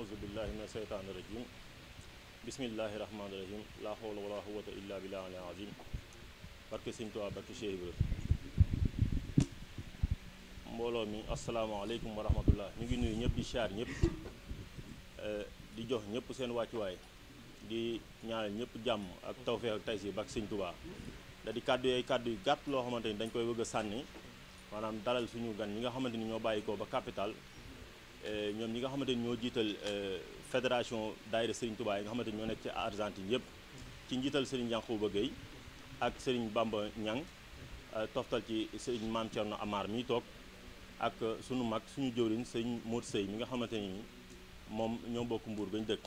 aouzu billahi min seytaani rajim bismillahi rahmaani rahim laa xawla wala quwwata illa billahi al azim barke sëñ Tuubaa barke Cheikh Ibra mbooloo mi asalaamaaleykum wa rahmatullah ñu ngi nuyu ñëpp di siyaar ñëpp eh, di jox ñëpp seen wàccuwaay di ñaanal ñëpp jàmm ak tawfeex ak taysiir barke sëñ Tuubaa da di kàddu yooyu kàddu yu gàtt loo xamante ni dañ koy bëgg a sànni maanaam dalal suñu gan ñi nga xamante ni ñoo bàyyi ko ba capital Euh, ñoom ñi nga xamante ni ñoo jiital euh, fédération daayira Serigne Touba yi nga xamante ni ñoo nekk ci Argentine yëpp ci njiital Serigne Yankouba Gueye ak sëriñ Bamba Niang euh, toftal ci Serigne Mame Thierno Amar mi toog ak suñu mag suñu jëwriñ Serigne Modou sëy mi nga xamante ni moom ñoo bokk mbuur gañ dëkk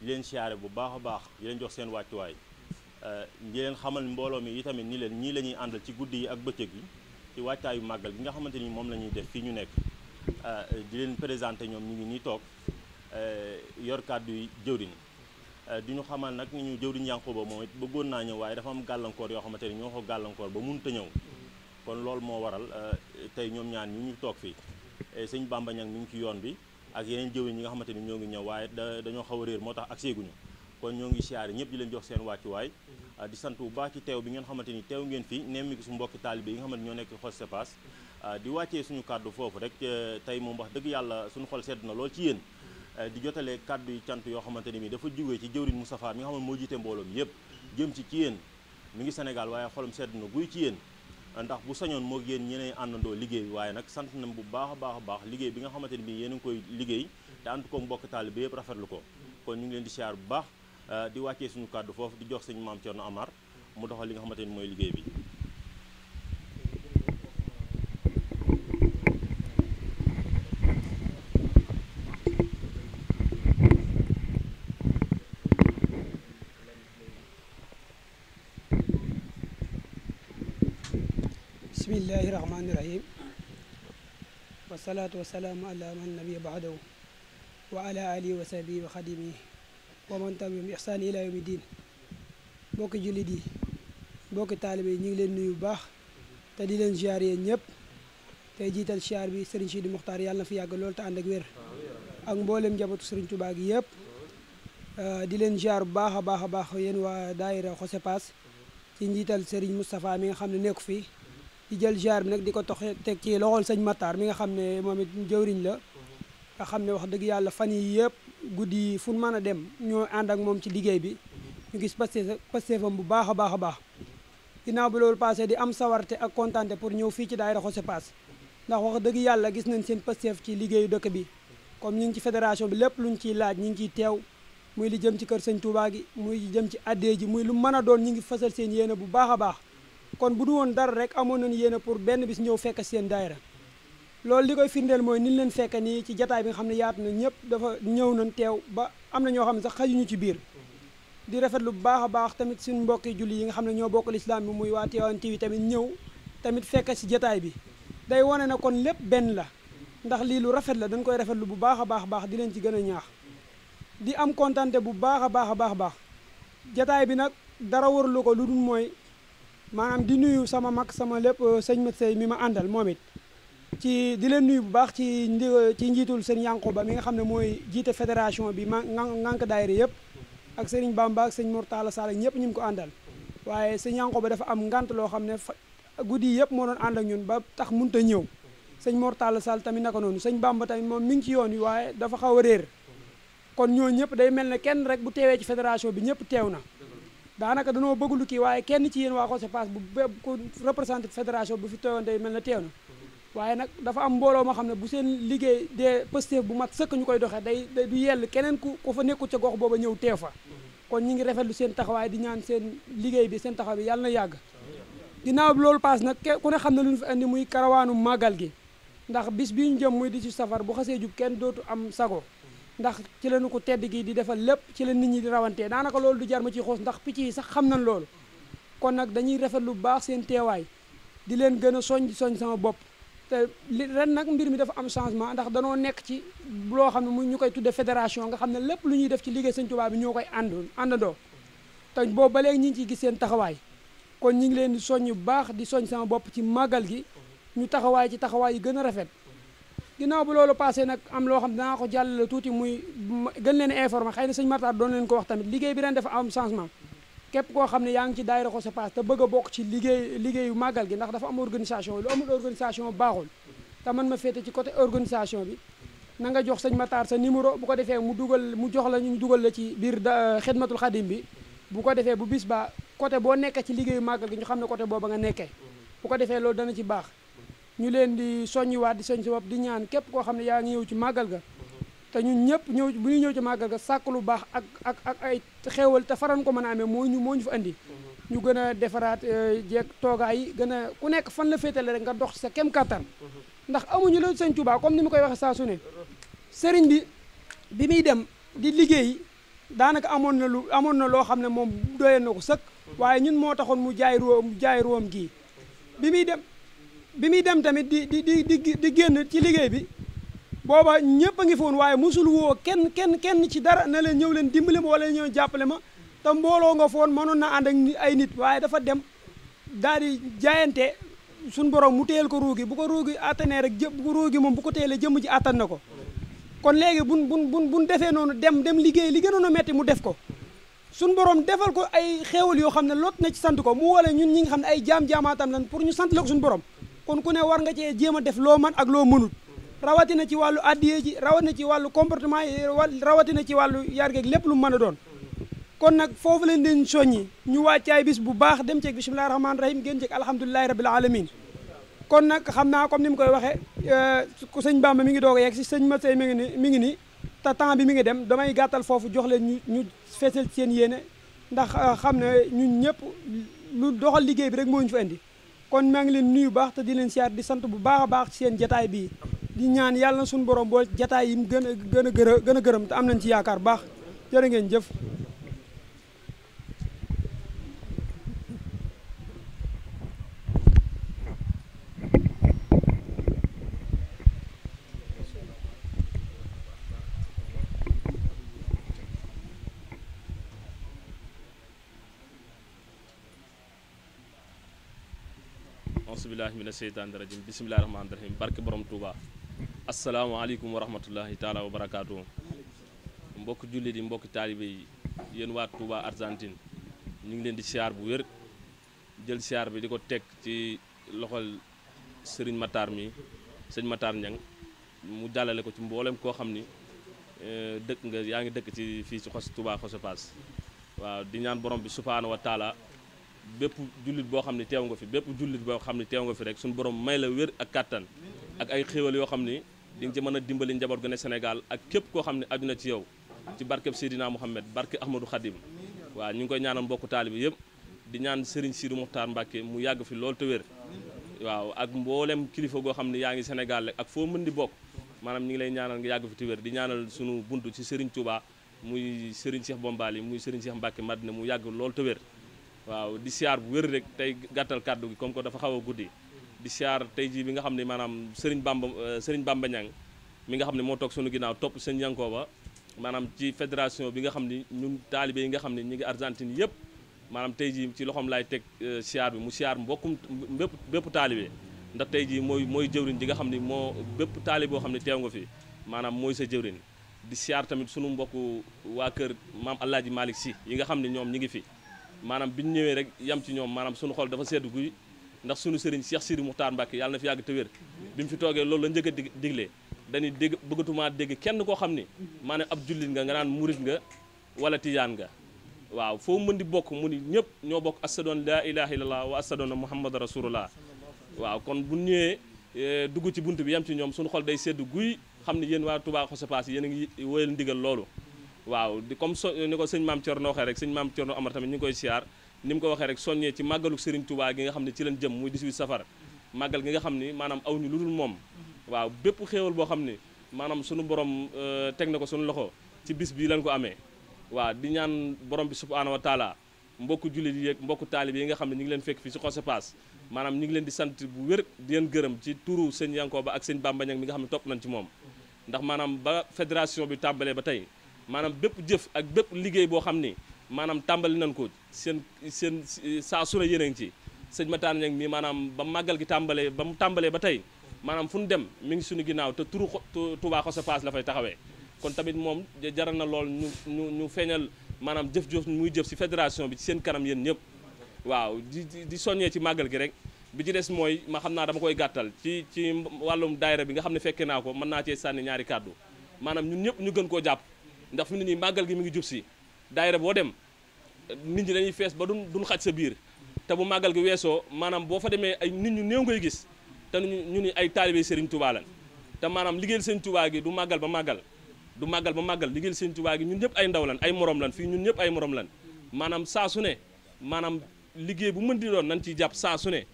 di leen siyaare bu baax a baax di leen jox seen wàccuwaay di leen xamal mbooloo mi tamit ñi leen ñii la ñuy àndal ci guddi yi ak bëccëg yi ci wàccaayu màggal bi nga xamante ni moom la ñuy def fii ñu nekk Euh, di leen présenté ñoom ñu ngi nii toog euh, yor kàddu yi jëwriñ euh, di ñu xamal nag ni ñu jëwriñ Yankuba moom it bëggoon naa ñëw waaye dafa am gàllankoor yoo xamante ni ñoo ko gàllankoor ba mënut a ñëw kon loolu moo waral tey ñoom ñaan ñu ñu toog fii sëñ Bamba Niang mi ngi ci yoon bi ak yeneen jëwriñ ñi nga xamante ni ñoo ngi ñëw waaye dañoo xaw a réer moo tax ak kon ñoo ngi siyaare ñëpp di leen jox seen wàccuwaay mm-hmm. di sant bu baax ci teew bi ngeen xamante ni teew ngeen fi nemmi su mbokki taalibe yi nga xamante ñoo nekk mm-hmm. ah, eh, wax dëgg yàlla suñu xol sedd na lool ci yéen mm-hmm. eh, di jotale kàddu yu cant yoo xamante ni mi dafa jógee ci jëwriñ Moustapha mi nga xamante moo jiite mbooloom yépp jëm ci ci yéen waaye xolam sedd na guy ci yéen ndax bu sañoon moo yéen ñeneen àndandoo liggéey bi waaye nag sant na bu baax a baax a baax liggéey bi nga xamante ni bi yéen a koy liggéey te ànd ko mbokk taalibe yépp rafetlu ko kon ñu ngi leen di siyaar bu baax Euh, di wàccee suñu kàddu foofu di jox sëñ maam Thierno Amar mu doxal li nga xamante mooy liggéey bi. bismillahi rahmaani rahim wasalaatu wasalaamu wa man tabi'ahum bi ihsaan ila yawmi din mbokki jullit yi mbokki taalibe yi ñu ngi leen nuyu bu baax te di leen ziar yéen ñëpp te jiital ziar bi Serigne Sidi Muxtaar yàlla na fi yàgg loolu te ànd ak wér ak mboolem njabootu Serigne Touba gi euh, di leen ziar bu baax a baax a baax yéen waa daayira Xosepaas ci njiital Serigne Moustapha mi nga xam ne nekku fi di jël ziar bi nag di ko tox teg ci loxol sëñ mataar mi nga xam ne moom it jëwriñ la nga xam ne wax dëgg yàlla fan yi yëpp guddi fu mën a dem ñoo ànd ak moom ci liggéey bi ñu gis paste pasteefam bu baax a baax a baax ginnaaw bi loolu passé di am sawarte ak kontante pour ñëw fii ci daayira Xosé Pass ndax wax dëgg yàlla gis nañ seen pasteef ci liggéeyu dëkk bi comme ñu ngi ci fédération bi lépp lu luñ ciy laaj ñu ngi ciy teew muy li jëm ci kër sañ Touba gi muy li jëm ci addee ji muy lu mën a doon ñu ngi fasal seen yéene bu baax a baax kon bu du woon dara rek amoon nañu yéene pour benn bis ñëw fekk seen daayira loolu li koy firndeel mooy niñ leen fekk nii ci jataay bi nga xam ne yaatu na ñëpp dafa ñëw nañ teew ba am na ñoo xam ne sax xajuñu ci biir di rafet lu baax a baax tamit suñ mbokki julli yi nga xam ne ñoo bokk lislaam bi muy waa Tivaouane TV tamit ñëw tamit fekk si jataay bi day wane na kon lépp benn la ndax lii lu rafet la dañ koy rafetlu bu baax a baax baax di leen ci gën a ñaax di am kontante bu baax a baax a baax baax jataay bi nag dara warlu ko lu dul mooy maanaam di nuyu sama mag sama lépp euh, sëñ Mat mi ma àndal moom it ci di leen nuyu bu baax ci ci seen sëñ ba mi nga xam ne mooy jiite fédération bi ma ngànk daayira yëpp ak sëriñ Bamba ak sëñ Mortala Sall ñëpp ñu ngi ko àndal waaye sëñ ba dafa am ngant loo xam ne guddi yëpp moo doon ànd ak ñun ba tax mënut a ñëw moor Mortala Sall tamit naka noonu sëñ Bamba tamit moom mi ngi ci yoon wi waaye dafa xaw a réer kon ñooñu ñëpp day mel ne kenn rek bu teewee ci fédération bi ñëpp teew na daanaka danoo bëgg lu kii waaye kenn ci yéen waa se Pass bu ku représenté fédération bu fi teewoon day mel ne teew waaye nag dafa am mbooloo moo xam ne bu seen liggéey dee Pastef bu mat sëkk ñu koy doxee day du yell keneen ku ku fa nekkul ca gox booba ñëw teew fa kon ñu ngi rafetlu seen taxawaay di ñaan seen liggéey bi seen taxawaay bi yàlla na yàgg ginnaaw loolu paas nag ku ne xam ne lu ñu fi indi muy karawaanu màggal gi ndax bis bi jëm muy di ci safar bu xasee jub kenn dootu am sago ndax ci la ko tedd gi di defal lépp ci la nit ñi rawantee daanaka loolu du jar ma ciy xoos picc yi sax xam nañ loolu kon nag dañuy rafetlu bu baax seen teewaay di leen gën a soñ soñ sama bopp te li ren nag mbir mi dafa am changement ndax danoo nekk ci loo xam ne mu ñu koy tudde fédération nga xam ne lépp lu ñuy def ci liggéey sëñ Tuubaa bi ñoo koy ànd àndandoo te boobu ba léegi ñi ngi ciy gis seen taxawaay kon ñi ngi leen di soññ bu baax di soñ sama bopp ci màggal gi ñu taxawaay ci taxawaay yi gën a rafet ginnaaw bu loolu passé nag am loo xam danaa ko jàllale tuuti muy gën leen informé xëy na sëñ Martaar doon leen ko wax tamit liggéey bi ren dafa am changement képp koo xam ne yaa ngi ci daayira Xosapass te bëgg a bokk ci liggéey liggéeyu màggal gi ndax dafa am organisation lu amul organisation baaxul te man ma féete ci côté organisation bi na nga jox sëñ Matar sa numéro bu ko defee mu dugal mu jox la ñu dugal la ci biir xidmatul xadim bi bu ko defee bu bis ba côté boo nekkee ci liggéeyu màggal gi ñu xam ne côté booba nga nekkee bu ko defee loolu dana ci baax ñu leen di soññiwaat di soññ si bopp di ñaan képp koo xam ne yaa ngi ñëw ci màggal ga te ñun ñëpp ñëw bu ñuy ñëw ci màggal ga sàkk lu baax ak ak ak ay xéewal te faran ko mën a amee moo ñu moo ñu fa mm-hmm. ñu gën a defaraat euh, jeeg toogaay gën a ku nekk fan la féetale rek nga dox sa kem kattan mm-hmm. ndax amuñu la sëñ Tuubaa comme ni mu koy waxee saa ne sëriñ bi bi muy dem di liggéey daanaka amoon na lu amoon na loo xam ne moom doyee na ko sëkk mm-hmm. waaye ñun moo taxoon mu jaay ruwaam mu jaay ruwaam gii bi muy dem bi muy dem tamit di di di di génn ci liggéey bi booba ñëpp a ngi foon waaye musul woo kenn kenn kenn ci dara na leen ñëw leen dimbali ma wala ñëw jàppale ma te mbooloo nga foon mënoon na ànd ak ay nit waaye dafa dem daal di jaayante suñ borom mu teel ko ruugi bu ko ruugi attanee rek jë bu ko ruugi moom bu ko teelee jëmm ji attan ko kon léegi bun bun bun buñ defee noonu dem dem liggéey li gënoon a metti mu def ko suñ borom defal ko ay xéewal yoo xam ne lot na ci sant ko mu wala ñun ñi nga xam ne ay jaam-jaamaatam lan pour ñu sant la ko suñu borom kon ku ne war nga cee jéem a def loo man ak loo mënut rawatina ci wàllu addiyee ji rawatina ci wàllu comportement yi rawatina ci wàllu yargeeg lépp lu mën a doon kon nag foofu leen leen soññi ñu wàccaay bis bu baax dem ceeg bisimilahi rahmaani rahim génn ceeg alhamdulilahi rabil alamin kon nag xam naa comme ni mu koy waxee euh, ku sëñ ma mi ngi doog a yegg si sëñ Massey mi ngi ni mi ngi nii te temps bi mi ngi dem damay gàttal foofu jox leen ñu ñu feesal seen yéene ndax euh, xam ne ñun ñëpp lu doxal liggéey bi rek moo ñu fa indi kon maa ngi leen nuyu baax te di leen siyaar di sant bu baax a baax seen jataay bii di ñaan yàlla na suñu borom boo jataay yim gën a gën gën a gërëm te am nañ ci yaakaar baax jërë ngeen jëf auzu billaahi mina seytaani rajiim bismillaahi rahmaani rahiim asalaamaaleykum wa rahmatullahi taala wa barakaatu mbokk jullit yi mbokk taalibe yi yéen waa Touba Argentine ñu ngi leen di siyaar bu wér jël siyaar bi di ko teg ci loxol sëriñ Matar mi sëñ Matar Ñang mu jàllale ko ci mboolem koo xam ni e, dëkk nga yaa ngi dëkk ci fii ci xos Touba Xosopaas waaw di ñaan borom bi subhaana wa taala bépp jullit boo xam ne teew nga fi bépp jullit boo xam ne teew nga fi rek suñu borom may la wér ak kàttan ak ay xéewal yoo xam ni di nga ci mën a dimbali njaboot gu ne Sénégal ak képp koo xam ne aju na ci yow ci barkeb Seydina Mouhamed barke Ahmadou Khadim waaw ñu ngi koy ñaanal mbokku taalibi yëpp di ñaan Serigne Sirou Mokhtar Mbacke mu yàgg fi loolu te waaw ak mboolem kilifa goo xam ne yaa ngi Sénégal ak foo mën di bokk maanaam ñu ngi lay ñaanal nga yàgg fi te wér di ñaanal sunu buntu ci Serigne Touba muy Serigne Cheikh Bombali muy Serigne Cheikh Mbacke Madina mu yàgg loolu te waaw di siyaar bu wér rek tey gàttal kàddu gi comme que dafa xaw a guddi di siyaar tey jii bi nga xam ne maanaam Serigne Bamba euh, Serigne Bamba Niang mi nga xam ne moo toog suñu ginnaaw topp seen yankooba maanaam ci fédération bi nga xam ne ñun taalibe yi nga xam ne ñu ngi Argentine yëpp maanaam tey jii ci loxoom laay teg euh, siyaar bi mbokkum bépp bépp taalibe ndax tey jii mooy mooy jëwriñ ji nga xam ne moo bépp taalibe boo xam ne teew nga fi maanaam mooy sa jëwriñ di siyaar tamit suñu mbokku waa kër maam Alaaji Malick Si yi nga xam ne ñoom ñi ngi fi maanaam bi ñu ñëwee rek yam ci ñoom maanaam suñu xol dafa seddu guy ndax sunu sëriñ Cheikh Sidi Moukhtar Mbacke yàlla na fi yàgg te wér bi mu fi toogee loolu la njëkk a dig diglee dañuy dégg bëggatumaa dégg kenn koo xam ni maanaam ab jullit nga nga naan murit nga wala tijaan nga waaw foo mën di bokk mu ni ñëpp ñoo bokk asadoon laa ilaha illallah wa asadoon muhammad rasulullah waaw kon bu ñëwee eh, dugg ci bunt bi yem ci ñoom suñu xol day sedd guy xam ne yéen waa Touba Xossopass yéen a ngi wóyal ndigal loolu waaw di comme so ni ko sëñ maam Thierno waxee rek sëñ maam Thierno Amar ñu ngi koy siyaar ni mu ko waxee rek soññee ci màggalu Serigne Touba gi nga xam ne ci leen jëm muy 18 safar màggal gi nga xam ni maanaam aw ñu lu dul moom waaw bépp xéewal boo xam ni maanaam sunu borom euh, teg na ko sunu loxo ci bis bii lañ ko amee waaw di ñaan borom bi subhaanahu wa taala mbokku jullit yi ak mbokku taalib yi nga xam ne ñu ngi leen fekk fii ci Xosapaas maanaam ñu ngi leen di sant bu wér di leen gërëm ci turu sëñ Yankoba ak sëñ Bamba Ñaŋ mi nga xam ne topp nañ ci moom ndax maanaam ba fédération bi tàmbalee ba tey maanaam bépp jëf ak bépp liggéey boo xam ni maanaam tàmbali nañ ko seen seen saa su ne yéen a ngi ci sëñ Matar Niang mii maanaam ba màggal gi tàmbalee ba mu tàmbalee ba tey maanaam fu ñu dem mi ngi suñu ginnaaw te turu Touba Xosé Fass la fay taxawee kon tamit moom jaral na lool ñu ñu feeñal maanaam jëf jëf muy jëf si fédération bi ci seen kanam yéen ñëpp waaw di di soññee ci màggal gi rek bi ci des mooy ma xam naa dama koy gàttal ci ci wàllum daayira bi nga xam ne fekkee naa ko mën naa cee sànni ñaari kàddu maanaam ñun ñëpp ñu gën koo jàpp ndax fi mu màggal gi mi ngi jub si daayira boo dem nit ñi dañuy fees ba du duñ xaj sa biir te bu màggal gi weesoo maanaam boo fa demee ay nit ñu néew ngay gis te ñu ni ay taalibe Serigne Touba lan te maanaam liggéey Serigne Touba gi du màggal ba màggal du màggal ba màggal liggéeyal Serigne gi ñun ñëpp ay ndaw lan ay moroom lan fii ñun ñëpp ay morom lan maanaam saa su ne maanaam liggéey bu mën di doon nañ ciy jàpp saa su ne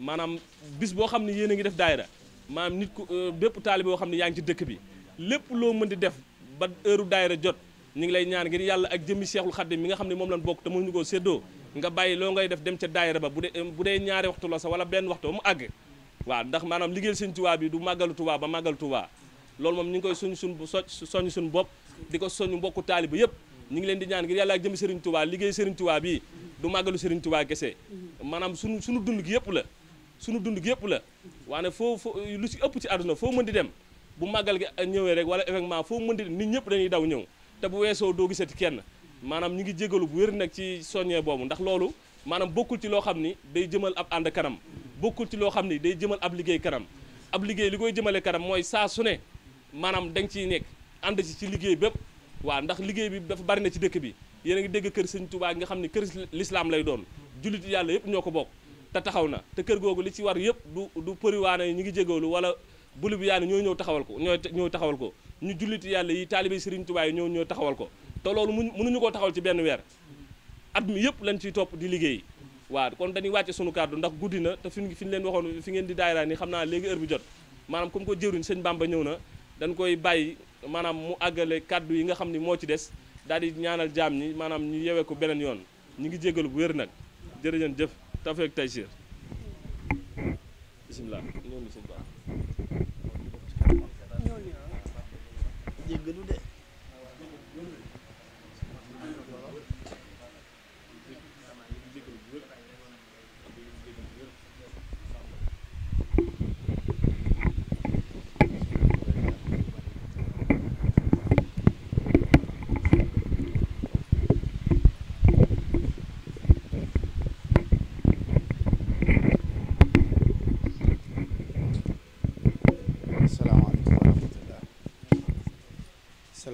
maanaam bis boo xam ne yéen a ngi def daayra maanaam nit ku euh, bépp taalibe boo xam ne yaa ngi ci dëkk bi lépp loo mën di def ba heure daayira jot ñu ngi lay ñaar ngir yàlla ak jëmmi Seexul Xaddim mi nga xam ne moom lañ bokk te mënuñu koo séddoo nga bàyyi loo ngay def dem ca daayira ba bu dee bu dee ñaari waxtu la sa wala benn waxtu mu àgg waaw ndax maanaam liggéeyal Sëñ Tuubaa bi du màggalu Tuubaa ba màggal Tuubaa loolu moom ñu ngi koy suñ suñ soñ suñ bopp di ko soñ mbokku taaliba yëpp ñu ngi leen di ñaan ngir yàlla ak jëmmi Sëriñ Tuubaa liggéey Sëriñ Tuubaa bi du màggalu Sëriñ Tuubaa kese maanaam suñu suñu dund gi yëpp la sunu dund gi yëpp la waane foo foo lu si ëpp ci àdduna foo mën di dem bu màggal gi ñëwee rek wala événement foo mën di nit ñëpp dañuy daw ñëw te bu weesoo doo gisati kenn maanaam ñu ngi jégalu bu wér nag ci soññee boobu ndax loolu maanaam bokkul ci loo xam ni day jëmal ab ànd kanam bokkul ci loo xam ni day jëmal ab liggéey kanam ab liggéey li koy jëmale kanam mooy saa su ne maanaam da nga nekk ànd ci ci liggéey bépp waa ndax liggéey bi dafa bari na ci dëkk bi yéen ngi dégg kër sëñ Tuubaa nga xam ne kër lislaam lay doon jullit yàlla yëpp ñoo ko bokk te taxaw na te kër googu li ci war yëpp du du përiwaane ñu ngi jégalu wala bulu bi yaani ñoo ñëw taxawal ko ñooy ñëw taxawal ko ñu jullit yàlla yi taalibe Serigne Touba yi ñëw ñoo taxawal ko te loolu mu mënuñu koo taxawal ci benn weer at mi yëpp lañ ciy topp di liggéey waaw kon dañuy wàcce sunu kàddu ndax guddi na te fi fi ñu leen waxoon fi ngeen di daayira ni naa léegi heure bi jot maanaam comme ko jëruñ sëñ Bamba ñëw na dañ koy bàyyi maanaam mu àggale kàddu yi nga xam ni moo ci des daal di ñaanal jaam ñi maanaam ñu yewee ko beneen yoon ñu ngi jégalu bu wér nag jërëjëf jëf tawfeex taysiir bisimilah ñoom sëñ jéggalu de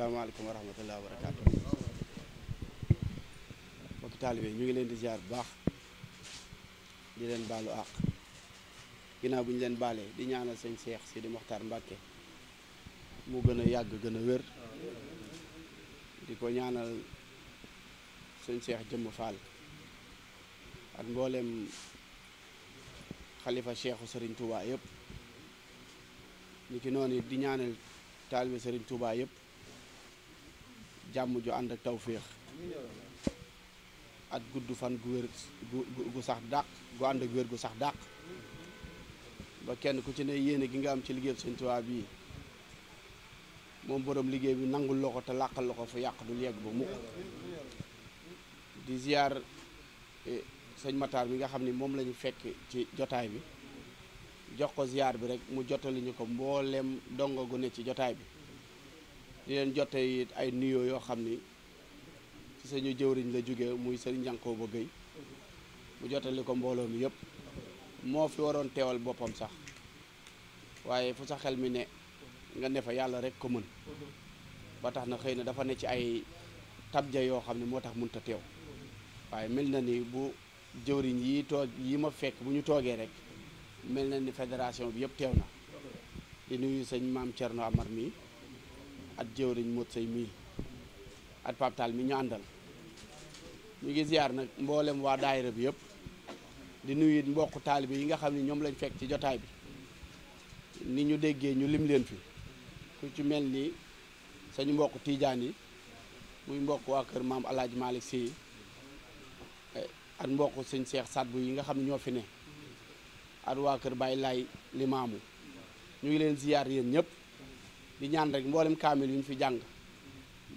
asalaamaaleykum wa rahmatulah wa barakaatu mbokki taalibe ñu ngi leen di ziar bu baax di leen baalu àq ginnaaw bu ñu leen baalee di ñaanal sëñ Cheikh Sidi Mokhtar Mbacke mu gën a yàgg gën a wér di ko ñaanal sëñ seex Jëmm Fall ak mboolem xalifa Cheikhu Serigne Touba yëpp ni ki noonu di ñaanal taalibe Serigne Touba yëpp. jàmm ju ànd ak tawféex ak gudd fan gu wér gu sax dàq gu ànd ak sax dàq ba kenn ku ci ne yéene gi nga am ci liggéeyam Sëñ Tuubaa bii moom boroom liggéey bi nangul loo ko te làqal la ko fa yàq du yegg ba mukk di ziar eh, sëñ Matar bi nga xam ni moom lañu fekk ci jotaay bi jox ko ziar bi rek mu jotali ñu ko mbooleem dongo gu ne ci jotaay bi di leen jotte ay nuyoo yoo xam ni ci sañu jëwriñ la jóge muy sëriñ Yankooba Gueye mu jottali ko mbooloo mi yëpp moo fi waroon teewal boppam sax waaye fu sa xel mi ne nga ne fa yàlla rek ko mën ba tax na xëy na dafa ne ci ay tabja yoo xam ne moo tax mënut a teew waaye mel na ni bu jëwriñ yi toog yi ma fekk bu ñu toogee rek mel na ni fédération bi yëpp teew na di nuyu sëñ maam Thierno Amar mii at jëwriñ mot say mii at paptal mi ñu àndal ñu ngi ziar nag mboolem waa daayira bi yëpp di nuyu it mbokku taalibe yi nga xam ni ñoom lañu fekk ci jotaay bi ni ñu déggee ñu lim leen fi ku ci mel ni sañu mbokk tiijaan yi muy mbokk waa kër maam Alaaji Malick Sy at mbokk sëñ Seex Sadbu yi nga xam ne ñoo fi ne at waa kër Baye Laay Limaamu ñu ngi leen ziar yéen ñëpp di ñaan rek mboolem kaamil yu ñu fi jàng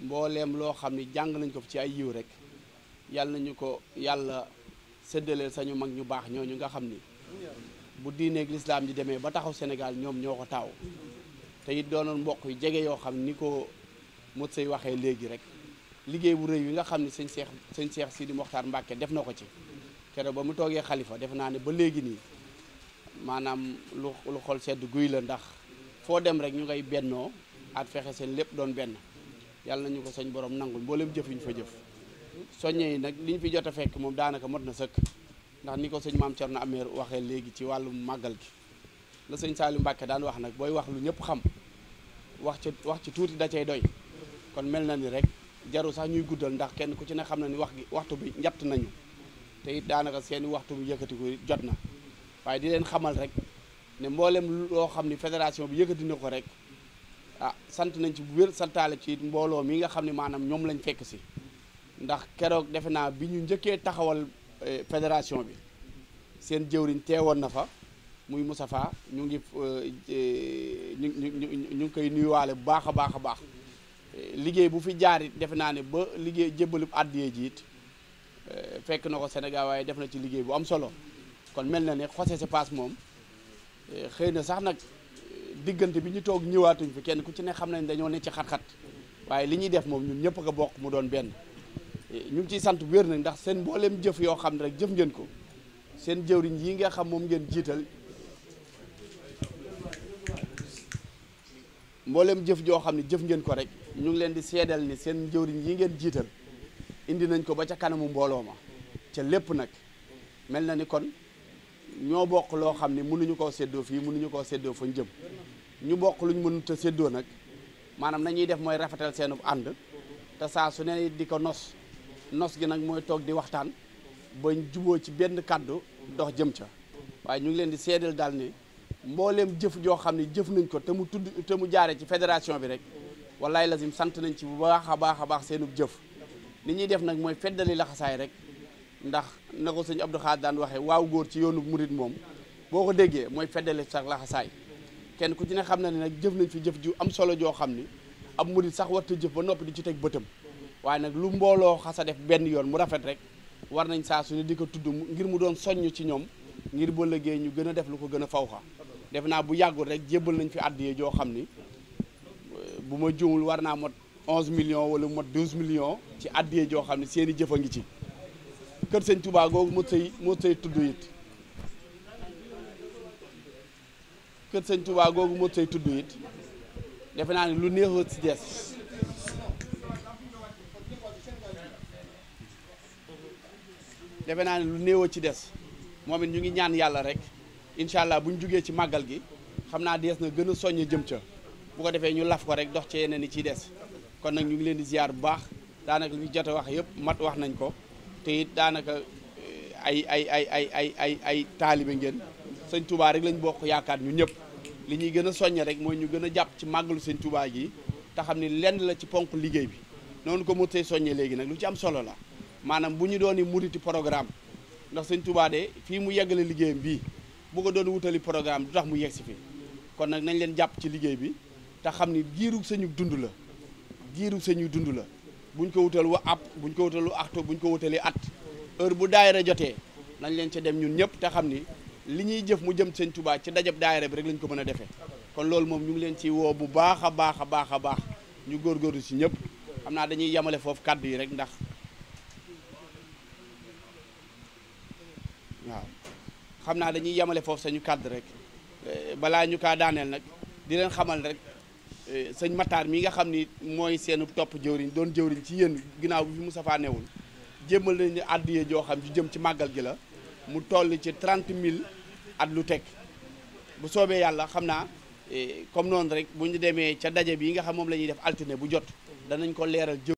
mbooleem loo xam ni jàng nañ ko ci ay yiw rek yàlla nañu ko yàlla séddaleel sañu mag ñu baax ñooñu nga xam ni bu diineeg lislaam ji demee ba taxaw Sénégal ñoom ñoo ko taaw te it doonoon mbokk yi jege yoo xam ni ko mot say waxee léegi rek liggéey bu rëy wi nga xam ne sëñ Seex sëñ Seex Sidi Moxtaar Mbàkke def na ko ci keroog ba mu toogee xalifa def naa ne ba léegi nii maanaam lu lu xol sedd guy la ndax foo dem rek ñu ngay bennoo at fexe seen lépp doon benn yàlla ñu ko sañ borom nangul mboolem jëf ñu fa jëf soññe yi nag li ñu fi jot fekk moom daanaka mot na sëkk ndax ni ko sëñ maam na Amère waxee léegi ci wàllu màggal gi la sëñ Saliou Mbacke daan wax nag booy wax lu ñëpp xam wax ci wax ci tuuti da cay doy kon mel na ni rek jaru sax ñuy guddal ndax kenn ku ci ne xam na ni wax gi waxtu bi njatt nañu tey it daanaka seeni waxtu bi yëkkati ko jot na waaye di leen xamal rek ne mboolem loo xam ni fédération bi yëkkati na ko rek ah sant nañ ci bu wér santaale ci mbooloo mi nga xam ne maanaam ñoom lañ fekk si ndax keroog defe naa bi ñu njëkkee taxawal eh, fédération bi seen jëwriñ teewoon na fa muy Moustapha ñu ngi eh, eh, ñu ñu ngi koy nuyuwaale bu baax a baax a baax liggéey bu fi jaar it defe naa ne ba liggéey jébbalub àddiyee jiit it fekk na ko Sénégal waaye def na ci liggéey bu am solo kon mel na ne José Sepas moom xëy na sax nag diggante bi ñu toog ñëwaatuñ fi kenn ku ci ne xam nañ dañoo ne ci xat-xat waaye li ñuy def moom ñun ñëpp a ko bokk mu doon benn ñu ngi ciy sant wér nag ndax seen mbooleem jëf yoo xam ne rek jëf ngeen ko seen jëwriñ yi nga xam moom ngeen jiital mbooleem jëf joo xam ne jëf ngeen ko rek ñu ngi leen di seedal ni seen jëwriñ yi ngeen jiital indi nañ ko ba ca kanamu mbooloo ma ca lépp nag mel na ni kon ñoo bokk loo xam ne mënuñu koo séddoo fii mënuñu koo séddoo fa njëm ñu bokk luñ mënut a séddoo nag maanaam nañuy def mooy rafetal seenub ànd te saa su ne di ko nos nos gi nag mooy toog di waxtaan bañ juboo ci benn kàddu dox jëm ca waaye ñu ngi leen di seedal daal ne mbooleem jëf joo xam ne jëf nañ ko te mu tudd te mu jaare ci fédération bi rek wallaay lazim sant nañ ci bu baax a baax a baax seenub jëf li ñuy def nag mooy feddali laxasaay rek ndax na ko sëñ Abdou Khadre daan waxee waaw góor ci yoonu murit moom boo ko déggee mooy feddale sax laxasaay kenn ku ci ne xam na ne nag jëf nañ fi jëf ju am solo joo xam ni ab murit sax warta jëf ba noppi di ci teg bëtam waaye nag lu mbooloo xasa def benn yoon mu rafet rek war nañ saa suñu ne di ko tudd ngir mu doon soññ ci ñoom ngir ba liggéey ñu gën a def lu ko gën a fawxa def naa bu yàggul rek jébbal nañ fi àddiyee joo xam ni bu ma juumul war naa mot 11 millions wala mot 12 millions ci àddiyee joo xam ne seen i jëf ci kër sëñ Touba googu mu sëy mu sëy tudd it kër sëñ Touba googu mu sëy tudd it defe naa ni lu neexoo ci des defe naa ne lu néewoo ci des moom it ñu ngi ñaan yàlla rek incha bu ñu jugee ci màggal gi xam naa dees na gën a soññ jëm ca bu ko defee ñu laf ko rek dox ci yeneen yi ciy des kon nag ñu ngi leen di ziar bu baax daanaka li ñu jot a wax yëpp mat wax nañ ko. te it daanaka eh, ay ay ay ay ay ay ay taalibe ngeen sëñ Touba rek lañ bokk yaakaar ñu ñëpp li ñuy gën a soññe rek mooy ñu gën a jàpp ci màggalu sëñ Touba gi te xam ni lenn la ci ponk liggéey bi noonu ko mu tey soññe léegi nag lu ci am solo la maanaam bu ñu doon muriti programme ndax sëñ Touba de fii mu yeggale liggéeyam bii bu ko doon wutali programme du tax mu yegg si fi kon nag nañ leen jàpp ci liggéey bi te xam ni giiru sëñu dund la giiru sëñu dund la buñ ko wutal wa ab buñ ko wutal lu buñ ko wutali at heure bu daayira jotee nañ leen ci dem ñun ñëpp te xam ni li ñuy jëf mu jëm sëñ tubaat ci dajab daayira bi rek lañ ko mën a defee kon loolu moom ñu ngi leen ci woo bu baax a baax a baax a baax ñu góorgóorlu si ñëpp xam naa dañuy yemale foofu kàddu yi rek ndax waaw xam naa dañuy yemale foofu sañu kàddu rek eh, balaa ñu kaa daaneel nag di leen xamal rek Eh, sëñ Matar mi nga xam ni mooy seenu topp jëwriñ doon jëwriñ ci yéen ginnaaw bi fi Moustapha newul jébbal nañu àddiya joo xam ju jëm ci màggal gi la mu toll ci 30 000 at lu teg bu soobee yàlla xam naa eh, comme noonu rek bu ñu demee ca daje bi nga xam moom la ñuy def altine bu jot danañ ko leeral jëw